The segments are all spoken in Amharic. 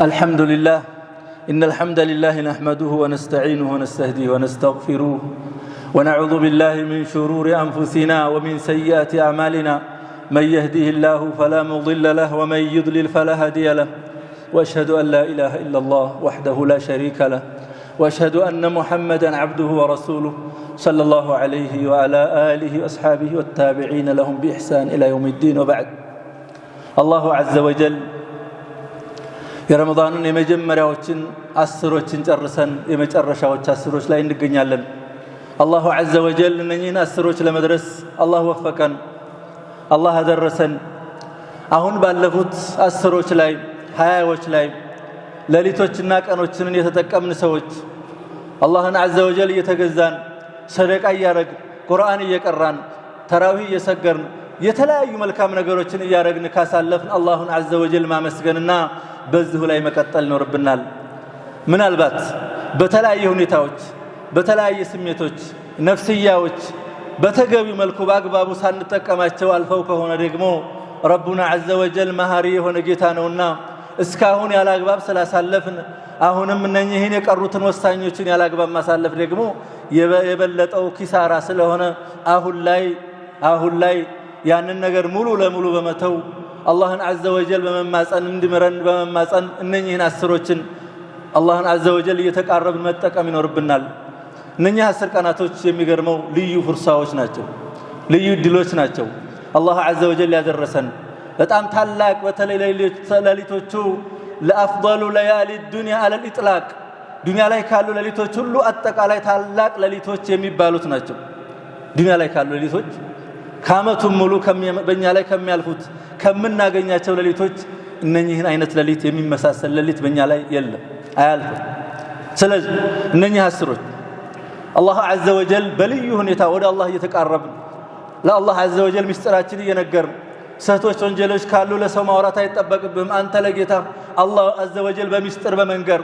الحمد لله إن الحمد لله نحمده ونستعينه ونستهديه ونستغفره ونعوذ بالله من شرور أنفسنا ومن سيئات أعمالنا من يهده الله فلا مضل له ومن يضلل فلا هادي له وأشهد أن لا إله إلا الله وحده لا شريك له وأشهد أن محمدا عبده ورسوله صلى الله عليه وعلى آله وأصحابه والتابعين لهم بإحسان إلى يوم الدين وبعد الله عز وجل የረመዳኑን የመጀመሪያዎችን አስሮችን ጨርሰን የመጨረሻዎች አስሮች ላይ እንገኛለን። አላሁ ዐዘ ወጀል እነኚህን አስሮች ለመድረስ አላህ ወፈቀን፣ አላህ አደረሰን። አሁን ባለፉት አስሮች ላይ ሀያዎች ላይ ሌሊቶችና ቀኖችን የተጠቀምን ሰዎች አላህን ዐዘ ወጀል እየተገዛን ሰደቃ እያረግን ቁርአን እየቀራን ተራዊህ እየሰገርን የተለያዩ መልካም ነገሮችን እያረግን ካሳለፍን አላሁን ዐዘ ወጀል ማመስገንና በዚሁ ላይ መቀጠል ይኖርብናል። ምናልባት በተለያየ ሁኔታዎች፣ በተለያየ ስሜቶች፣ ነፍስያዎች በተገቢው መልኩ በአግባቡ ሳንጠቀማቸው አልፈው ከሆነ ደግሞ ረቡና ዐዘ ወጀል መሐሪ የሆነ ጌታ ነውና እስካሁን ያለ አግባብ ስላሳለፍን አሁንም እነኚህን የቀሩትን ወሳኞችን ያለ አግባብ ማሳለፍ ደግሞ የበለጠው ኪሳራ ስለሆነ አሁን ላይ አሁን ላይ ያንን ነገር ሙሉ ለሙሉ በመተው አላህን አዘ ወጀል በመማፀን እንዲምረን በመማፀን እነኚህን አስሮችን አላህን አዘ ወጀል እየተቃረብን መጠቀም ይኖርብናል። እነኚህ አስር ቀናቶች የሚገርመው ልዩ ፍርሳዎች ናቸው፣ ልዩ እድሎች ናቸው። አላህ አዘ ወጀል ያደረሰን በጣም ታላቅ በተለይ ሌሊቶቹ ለአፍሉ ለያሊ ዱንያ አለል ኢጥላቅ ዱንያ ላይ ካሉ ሌሊቶች ሁሉ አጠቃላይ ታላቅ ሌሊቶች የሚባሉት ናቸው። ዱንያ ላይ ካሉ ሌሊቶች ከአመቱም ሙሉ በእኛ ላይ ከሚያልፉት ከምናገኛቸው ሌሊቶች እነኚህን አይነት ሌሊት የሚመሳሰል ሌሊት በእኛ ላይ የለም፣ አያልፍም። ስለዚህ እነኚህ አስሮች አላህ ዐዘ ወጀል በልዩ ሁኔታ ወደ አላህ እየተቃረብን ለአላህ ዐዘ ወጀል ምስጢራችን እየነገርን ስህቶች፣ ወንጀሎች ካሉ ለሰው ማውራት አይጠበቅብም አንተ ለጌታ አላህ ዐዘ ወጀል በሚስጥር በመንገር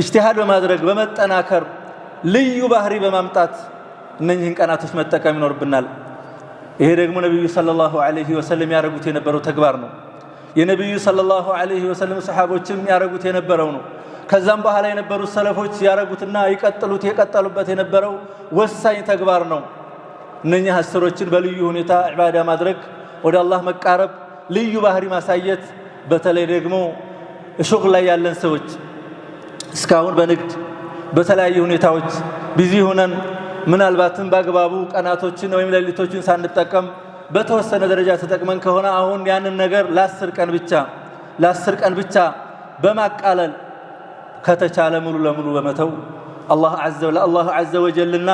እጅቲሃድ በማድረግ በመጠናከር ልዩ ባህሪ በማምጣት እነኚህን ቀናቶች መጠቀም ይኖርብናል። ይሄ ደግሞ ነቢዩ ሰለላሁ ዐለይሂ ወሰለም ያደረጉት የነበረው ተግባር ነው። የነቢዩ ሰለላሁ ዐለይሂ ወሰለም ሰሓቦችም ያደረጉት የነበረው ነው። ከዛም በኋላ የነበሩት ሰለፎች ያደረጉትና ይቀጥሉት የቀጠሉበት የነበረው ወሳኝ ተግባር ነው። እነኛ አስሮችን በልዩ ሁኔታ ዕባዳ ማድረግ፣ ወደ አላህ መቃረብ፣ ልዩ ባህሪ ማሳየት። በተለይ ደግሞ ሹቅ ላይ ያለን ሰዎች እስካሁን በንግድ በተለያዩ ሁኔታዎች ቢዚ ሆነን ምናልባትም በአግባቡ ቀናቶችን ወይም ሌሊቶችን ሳንጠቀም በተወሰነ ደረጃ ተጠቅመን ከሆነ አሁን ያንን ነገር ለአስር ቀን ብቻ ለአስር ቀን ብቻ በማቃለል ከተቻለ ሙሉ ለሙሉ በመተው ለአላህ አዘ ወጀልና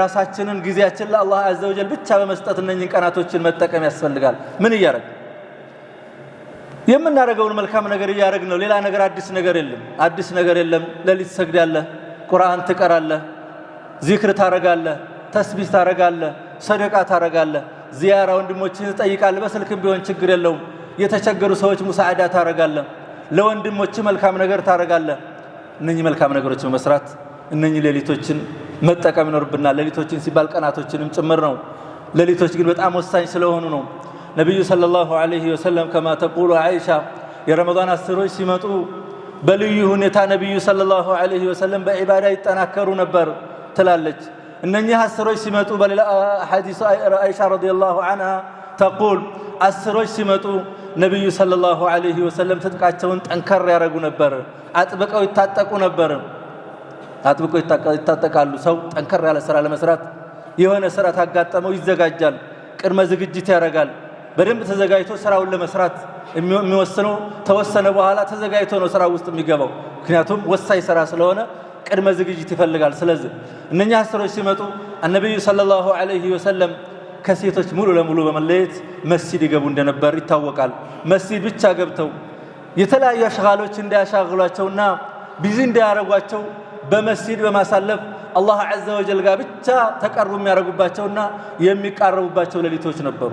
ራሳችንን ጊዜያችን ለአላህ አዘ ወጀል ብቻ በመስጠት እነኝን ቀናቶችን መጠቀም ያስፈልጋል። ምን እያረግ የምናደርገውን መልካም ነገር እያደረግ ነው። ሌላ ነገር አዲስ ነገር የለም፣ አዲስ ነገር የለም። ሌሊት ትሰግዳለህ፣ ቁርአን ትቀራለህ ዚክር ታረጋለ ተስቢህ ታረጋለህ፣ ሰደቃ ታረጋለህ፣ ዚያራ ወንድሞችን ትጠይቃለህ። በስልክም ቢሆን ችግር የለውም። የተቸገሩ ሰዎች ሙሳዕዳ ታረጋለህ፣ ለወንድሞች መልካም ነገር ታረጋለህ። እነኚህ መልካም ነገሮች በመስራት እነኚህ ሌሊቶችን መጠቀም ይኖርብናል። ሌሊቶችን ሲባል ቀናቶችንም ጭምር ነው። ሌሊቶች ግን በጣም ወሳኝ ስለሆኑ ነው። ነቢዩ ሰለላሁ ዐለይሂ ወሰለም ከማ ተቁሉ አይሻ የረመዳን አስሮች ሲመጡ በልዩ ሁኔታ ነቢዩ ሰለላሁ ዐለይሂ ወሰለም በዒባዳ ይጠናከሩ ነበር። ትላለች። እነኚህ አስሮች ሲመጡ በሌላ ሐዲስ አይሻ ረዲየላሁ ዐንሃ ተቁል አስሮች ሲመጡ ነቢዩ ሰለላሁ ዐለይሂ ወሰለም ትጥቃቸውን ጠንከር ያደረጉ ነበር፣ አጥብቀው ይታጠቁ ነበር። አጥብቀው ይታጠቃሉ። ሰው ጠንከር ያለ ስራ ለመስራት የሆነ ስራ ታጋጠመው ይዘጋጃል፣ ቅድመ ዝግጅት ያደርጋል። በደንብ ተዘጋጅቶ ስራውን ለመስራት የሚወስነው ተወሰነ በኋላ ተዘጋጅቶ ነው ስራ ውስጥ የሚገባው። ምክንያቱም ወሳኝ ስራ ስለሆነ ቅድመ ዝግጅት ይፈልጋል። ስለዚህ እነኛ አስሮች ሲመጡ አነቢዩ ሰለላሁ ዐለይሂ ወሰለም ከሴቶች ሙሉ ለሙሉ በመለየት መስጂድ ይገቡ እንደነበር ይታወቃል። መስጂድ ብቻ ገብተው የተለያዩ አሽጋሎች እንዳያሻግሏቸውና ቢዚ እንዳያረጓቸው በመስጂድ በማሳለፍ አላህ ዐዘ ወጀል ጋር ብቻ ተቀርቡ የሚያደርጉባቸውና የሚቃረቡባቸው ሌሊቶች ነበሩ።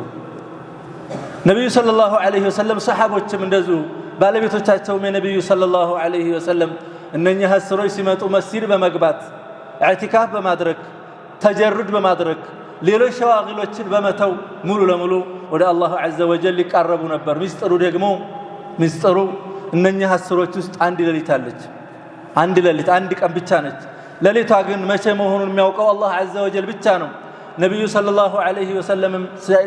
ነቢዩ ሰለላሁ ዐለይሂ ወሰለም ሰሓቦችም እንደዚሁ ባለቤቶቻቸውም የነቢዩ ሰለላሁ ዐለይሂ ወሰለም እነኚ አስሮች ሲመጡ መስጂድ በመግባት ኢዕቲካፍ በማድረግ ተጀርድ በማድረግ ሌሎች ሸዋግሎችን በመተው ሙሉ ለሙሉ ወደ አላሁ ዐዘ ወጀል ሊቃረቡ ነበር። ሚስጥሩ ደግሞ ሚስጥሩ እነኛ አስሮች ውስጥ አንድ ሌሊት አለች። አንድ ሌሊት አንድ ቀን ብቻ ነች። ሌሊቷ ግን መቼ መሆኑን የሚያውቀው አላህ ዐዘ ወጀል ብቻ ነው። ነቢዩ ሰለላሁ ዐለይሂ ወሰለም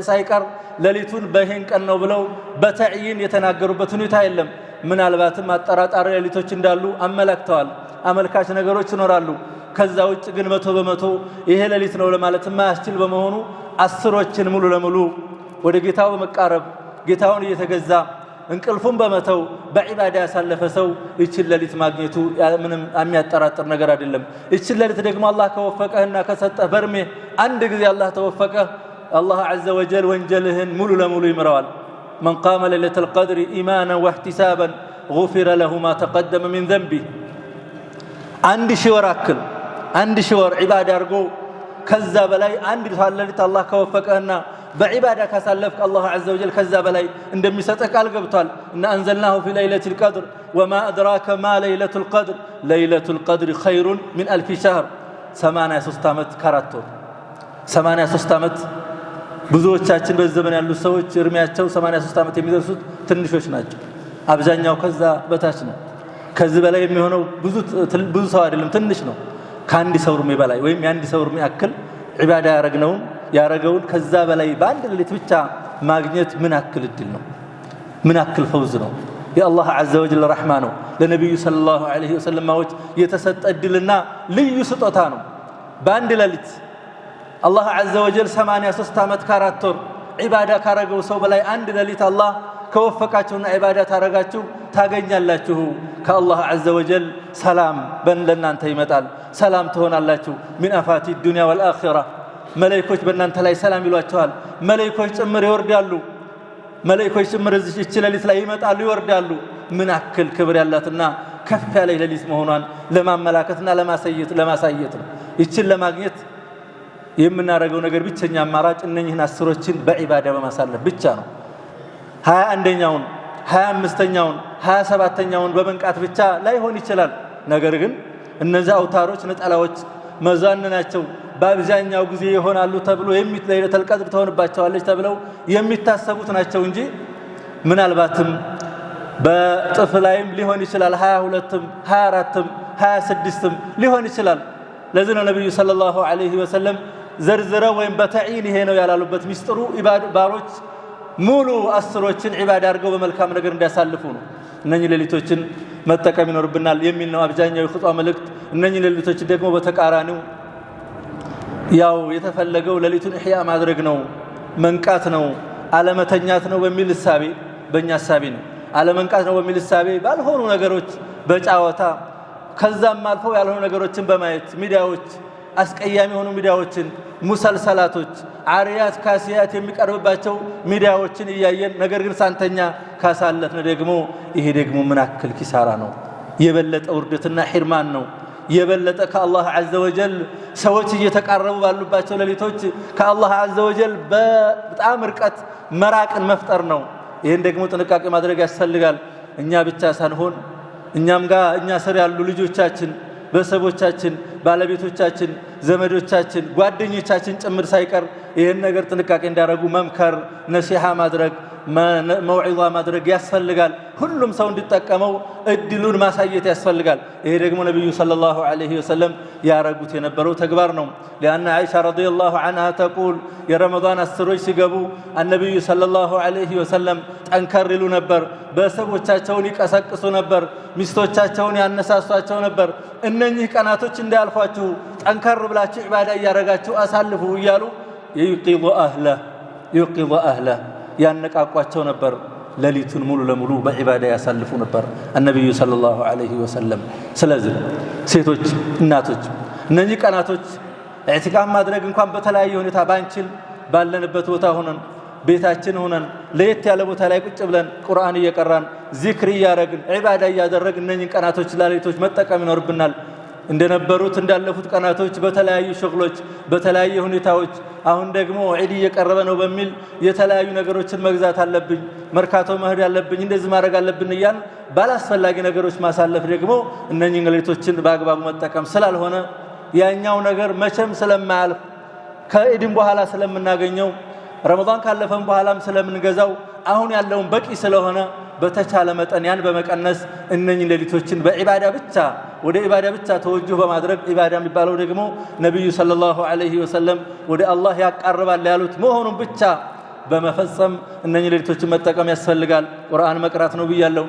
ሳይቀር ሌሊቱን በሄን ቀን ነው ብለው በተዕይን የተናገሩበት ሁኔታ የለም። ምናልባትም አጠራጣሪ ሌሊቶች እንዳሉ አመላክተዋል። አመልካች ነገሮች ይኖራሉ። ከዛ ውጭ ግን መቶ በመቶ ይሄ ሌሊት ነው ለማለት ማያስችል በመሆኑ አስሮችን ሙሉ ለሙሉ ወደ ጌታው በመቃረብ ጌታውን እየተገዛ እንቅልፉን በመተው በዒባዳ ያሳለፈ ሰው ይችን ሌሊት ማግኘቱ ምንም የሚያጠራጥር ነገር አይደለም። ይችን ሌሊት ደግሞ አላህ ከወፈቀህና ከሰጠህ በርሜ አንድ ጊዜ አላህ ተወፈቀህ፣ አላህ ዐዘ ወጀል ወንጀልህን ሙሉ ለሙሉ ይምረዋል። من قام ليلة القدر إيمانا واحتسابا غفر له ما تقدم من ذنبه عندي شور أكل عندي شور عبادة أرجو كذا بلاي عند الحال الذي الله كوفك أنا بعبادة كسلفك الله عز وجل كذا بلاي إن دمستك القبطل إن أنزلناه في ليلة القدر وما أدراك ما ليلة القدر ليلة القدر خير من ألف شهر سمعنا سستمت كرتو سمعنا سستمت ብዙዎቻችን በዚህ ዘመን ያሉት ሰዎች እድሜያቸው 83 ዓመት የሚደርሱት ትንሾች ናቸው። አብዛኛው ከዛ በታች ነው። ከዚህ በላይ የሚሆነው ብዙ ሰው አይደለም፣ ትንሽ ነው። ከአንድ ሰው እድሜ በላይ ወይም የአንድ ሰው እድሜ ያክል ዒባዳ ያረግነውን ያረገውን ከዛ በላይ በአንድ ሌሊት ብቻ ማግኘት ምን አክል እድል ነው? ምን አክል ፈውዝ ነው? የአላህ ዐዘ ወጀል ረሕማ ነው። ለነቢዩ ሰለላሁ ዐለይሂ ወሰለማዎች የተሰጠ እድልና ልዩ ስጦታ ነው። በአንድ ሌሊት አላህ ዐዘ ወጀል 83 ዓመት ከአራት ወር ዒባዳ ካረገው ሰው በላይ አንድ ሌሊት አላህ ከወፈቃችሁና ዒባዳ ታረጋችሁ ታገኛላችሁ። ከአላህ ዐዘ ወጀል ሰላም ለእናንተ ይመጣል። ሰላም ትሆናላችሁ። ሚን አፋቲ ዱንያ ወልአኺራ መለይኮች በእናንተ ላይ ሰላም ይሏቸዋል። መለይኮች ጭምር ይወርዳሉ። መለይኮች ጭምር እዚች ሌሊት ላይ ይመጣሉ፣ ይወርዳሉ። ምን አክል ክብር ያላትና ከፍ ያለ ሌሊት መሆኗን ለማመላከትና ለማሳየት ነው። ይችን ለማግኘት የምናደርገው ነገር ብቸኛ አማራጭ እነኝህን አስሮችን በዒባዳ በማሳለፍ ብቻ ነው። ሀያ አንደኛውን ሀያ አምስተኛውን ሀያ ሰባተኛውን በመንቃት ብቻ ላይሆን ይችላል። ነገር ግን እነዚህ አውታሮች ነጠላዎች ናቸው በአብዛኛው ጊዜ ይሆናሉ ተብሎ ለይለቱል ቀድር ትሆንባቸዋለች ተብለው የሚታሰቡት ናቸው እንጂ ምናልባትም በጥፍ ላይም ሊሆን ይችላል። ሀያ ሁለትም ሀያ አራትም ሀያ ስድስትም ሊሆን ይችላል። ለዚህ ነው ነቢዩ ሰለላሁ ዐለይሂ ወሰለም ዘርዝረው ወይም በተዒን ይሄ ነው ያላሉበት ሚስጥሩ ባሮች ሙሉ አስሮችን ዒባዳ አድርገው በመልካም ነገር እንዲያሳልፉ ነው። እነኚህ ሌሊቶችን መጠቀም ይኖርብናል የሚል ነው አብዛኛው የኹጥባ መልእክት። እነኚህ ሌሊቶችን ደግሞ በተቃራኒው ያው የተፈለገው ሌሊቱን ኢሕያ ማድረግ ነው፣ መንቃት ነው፣ አለመተኛት ነው በሚል እሳቤ በእኛ እሳቤ ነው። አለመንቃት ነው በሚል እሳቤ ባልሆኑ ነገሮች በጫወታ ከዛም አልፈው ያልሆኑ ነገሮችን በማየት ሚዲያዎች አስቀያሚ የሆኑ ሚዲያዎችን፣ ሙሰልሰላቶች፣ አርያት ካሲያት የሚቀርብባቸው ሚዲያዎችን እያየን ነገር ግን ሳንተኛ ካሳለፍን ደግሞ ይሄ ደግሞ ምን አክል ኪሳራ ነው። የበለጠ ውርደትና ሒርማን ነው። የበለጠ ከአላህ ዐዘ ወጀል ሰዎች እየተቃረቡ ባሉባቸው ሌሊቶች ከአላህ ዐዘ ወጀል በጣም ርቀት መራቅን መፍጠር ነው። ይህን ደግሞ ጥንቃቄ ማድረግ ያስፈልጋል። እኛ ብቻ ሳንሆን እኛም ጋር እኛ ስር ያሉ ልጆቻችን ቤተሰቦቻችን፣ ባለቤቶቻችን፣ ዘመዶቻችን፣ ጓደኞቻችን ጭምር ሳይቀር ይህን ነገር ጥንቃቄ እንዲያደርጉ መምከር፣ ነሲሓ ማድረግ መውዒዛ ማድረግ ያስፈልጋል። ሁሉም ሰው እንዲጠቀመው እድሉን ማሳየት ያስፈልጋል። ይሄ ደግሞ ነቢዩ ሰለላሁ ዐለይሂ ወሰለም ያረጉት የነበረው ተግባር ነው። ሊአነ ዓይሻ ረዲየላሁ ዐንሃ ተቁል የረመዳን አስሮች ሲገቡ አነቢዩ ሰለላሁ ዐለይሂ ወሰለም ጠንከር ይሉ ነበር። ቤተሰቦቻቸውን ይቀሰቅሱ ነበር። ሚስቶቻቸውን ያነሳሷቸው ነበር። እነኚህ ቀናቶች እንዳያልፏችሁ ጠንከር ብላችሁ ዒባዳ እያረጋችሁ አሳልፉ እያሉ ዩቂ አህለህ ያነቃቋቸው ነበር። ሌሊቱን ሙሉ ለሙሉ በዒባዳ ያሳልፉ ነበር ነቢዩ ሰለላሁ ዐለይሂ ወሰለም። ስለዚህ ሴቶች፣ እናቶች እነዚህ ቀናቶች ኢዕቲካፍ ማድረግ እንኳን በተለያየ ሁኔታ ባንችል ባለንበት ቦታ ሆነን ቤታችን ሆነን ለየት ያለ ቦታ ላይ ቁጭ ብለን ቁርአን እየቀራን ዚክር እያደረግን ዒባዳ እያደረግን እነኚህን ቀናቶች ላሌቶች መጠቀም ይኖርብናል። እንደነበሩት እንዳለፉት ቀናቶች በተለያዩ ሸግሎች በተለያዩ ሁኔታዎች አሁን ደግሞ ዒድ እየቀረበ ነው በሚል የተለያዩ ነገሮችን መግዛት አለብኝ፣ መርካቶ መሄድ አለብኝ፣ እንደዚህ ማድረግ አለብን እያል ባላስፈላጊ ነገሮች ማሳለፍ ደግሞ እነኚህ ሌቶችን በአግባቡ መጠቀም ስላልሆነ ያኛው ነገር መቼም ስለማያልፍ ከዒድም በኋላ ስለምናገኘው ረመዳን ካለፈም በኋላም ስለምንገዛው አሁን ያለውን በቂ ስለሆነ በተቻለ መጠን ያን በመቀነስ እነኝ ሌሊቶችን በዒባዳ ብቻ ወደ ዒባዳ ብቻ ተወጁህ በማድረግ ዒባዳ የሚባለው ደግሞ ነቢዩ ሰለላሁ ዐለይሂ ወሰለም ወደ አላህ ያቃርባል ያሉት መሆኑን ብቻ በመፈጸም እነኝ ሌሊቶችን መጠቀም ያስፈልጋል። ቁርአን መቅራት ነው ብያለው።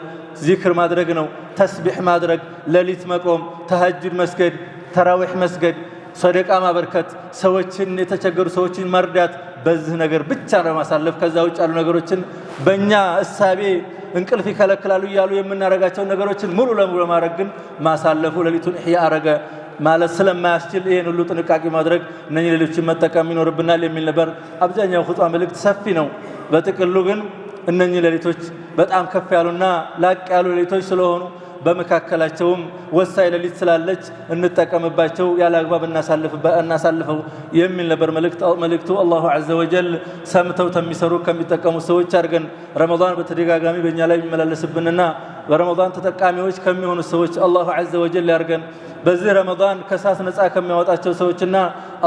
ዚክር ማድረግ ነው። ተስቢሕ ማድረግ፣ ሌሊት መቆም፣ ተሀጅድ መስገድ፣ ተራዊሕ መስገድ፣ ሰደቃ ማበርከት፣ ሰዎችን የተቸገሩ ሰዎችን መርዳት በዚህ ነገር ብቻ ነው ማሳለፍ። ከዛ ውጭ ያሉ ነገሮችን በእኛ እሳቤ እንቅልፍ ይከለክላሉ እያሉ የምናደርጋቸውን ነገሮችን ሙሉ ለሙሉ ለማድረግ ግን ማሳለፉ ሌሊቱን ኢሕያ አረገ ማለት ስለማያስችል ይህን ሁሉ ጥንቃቄ ማድረግ እነኚ ሌሎችን መጠቀም ይኖርብናል የሚል ነበር። አብዛኛው ኹጥባ መልእክት ሰፊ ነው። በጥቅሉ ግን እነኚህ ሌሊቶች በጣም ከፍ ያሉና ላቅ ያሉ ሌሊቶች ስለሆኑ በመካከላቸውም ወሳኝ ሌሊት ስላለች እንጠቀምባቸው፣ ያለ አግባብ እናሳልፈው የሚል ነበር መልእክቱ። አላሁ ዐዘ ወጀል ሰምተው ከሚሰሩ ከሚጠቀሙ ሰዎች አድርገን ረመዳን በተደጋጋሚ በእኛ ላይ የሚመላለስብንና በረመዳን ተጠቃሚዎች ከሚሆኑ ሰዎች አላሁ ዐዘ ወጀል ያድርገን። በዚህ ረመዳን ከእሳት ነፃ ከሚያወጣቸው ሰዎችና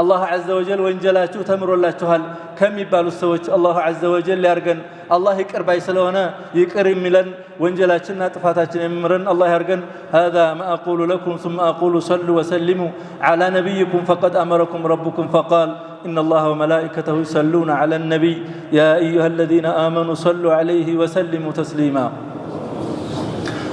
አላሁ ዐዘ ወጀል ወንጀላችሁ ተምሮላችኋል ከሚባሉት ሰዎች አላሁ ዐዘ ወጀል ያድርገን። الله يكر باي سلونا يقر يملن ወንጀላችንና ጥፋታችን የሚምረን الله يرغن هذا ما أقول لكم ثم أقول صلوا وسلموا على نبيكم فقد أمركم ربكم فقال إن الله وملائكته يصلون على النبي يا أيها الذين آمنوا صلوا عليه وسلموا تسليما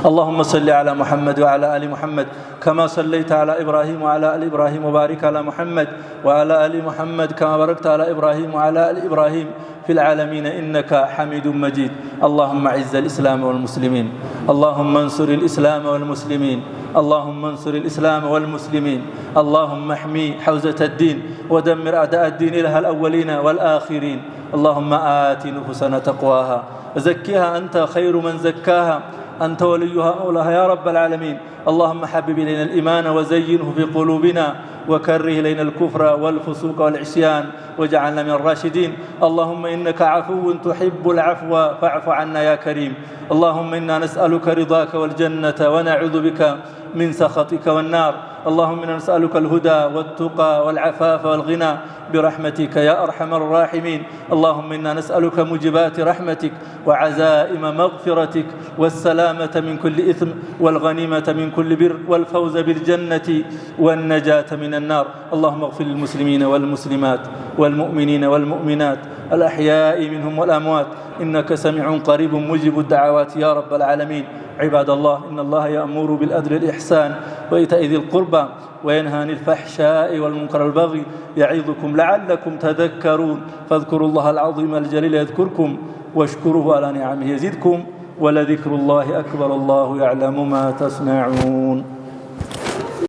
اللهم صل على محمد وعلى آل محمد كما صليت على إبراهيم وعلى آل إبراهيم وبارك على محمد وعلى آل محمد كما باركت على إبراهيم وعلى آل إبراهيم في العالمين إنك حميد مجيد اللهم عز الإسلام والمسلمين اللهم انصر الإسلام والمسلمين اللهم انصر الإسلام والمسلمين اللهم احمي حوزة الدين ودمر أعداء الدين لها الأولين والآخرين اللهم آت نفوسنا تقواها زكها أنت خير من زكاها أنت وليها اولها يا رب العالمين اللهم حبب إلينا الإيمان وزينه في قلوبنا وكره إلينا الكفر والفسوق والعصيان وجعلنا من الراشدين اللهم إنك عفو تحب العفو فاعف عنا يا كريم اللهم إنا نسألك رضاك والجنة ونعوذ بك من سخطك والنار اللهم انا نسالك الهدى والتقى والعفاف والغنى برحمتك يا ارحم الراحمين اللهم انا نسالك موجبات رحمتك وعزائم مغفرتك والسلامه من كل اثم والغنيمه من كل بر والفوز بالجنه والنجاه من النار اللهم اغفر للمسلمين والمسلمات والمؤمنين والمؤمنات الاحياء منهم والاموات انك سميع قريب مجيب الدعوات يا رب العالمين عباد الله إن الله يأمر بالأدل الإحسان وإيتاء ذي القربى وينهى عن الفحشاء والمنكر والبغي يعظكم لعلكم تذكرون فاذكروا الله العظيم الجليل يذكركم واشكروه على نعمه يزدكم ولذكر الله أكبر الله يعلم ما تصنعون